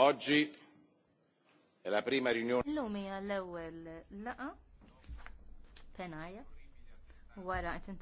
Oggi è la prima riunione. L-lum hija l laqa penarja wara qed